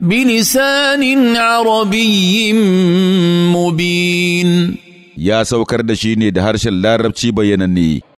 بلسان عربي مبين يا سوكر دشيني دهرش اللارب ربشي بيانني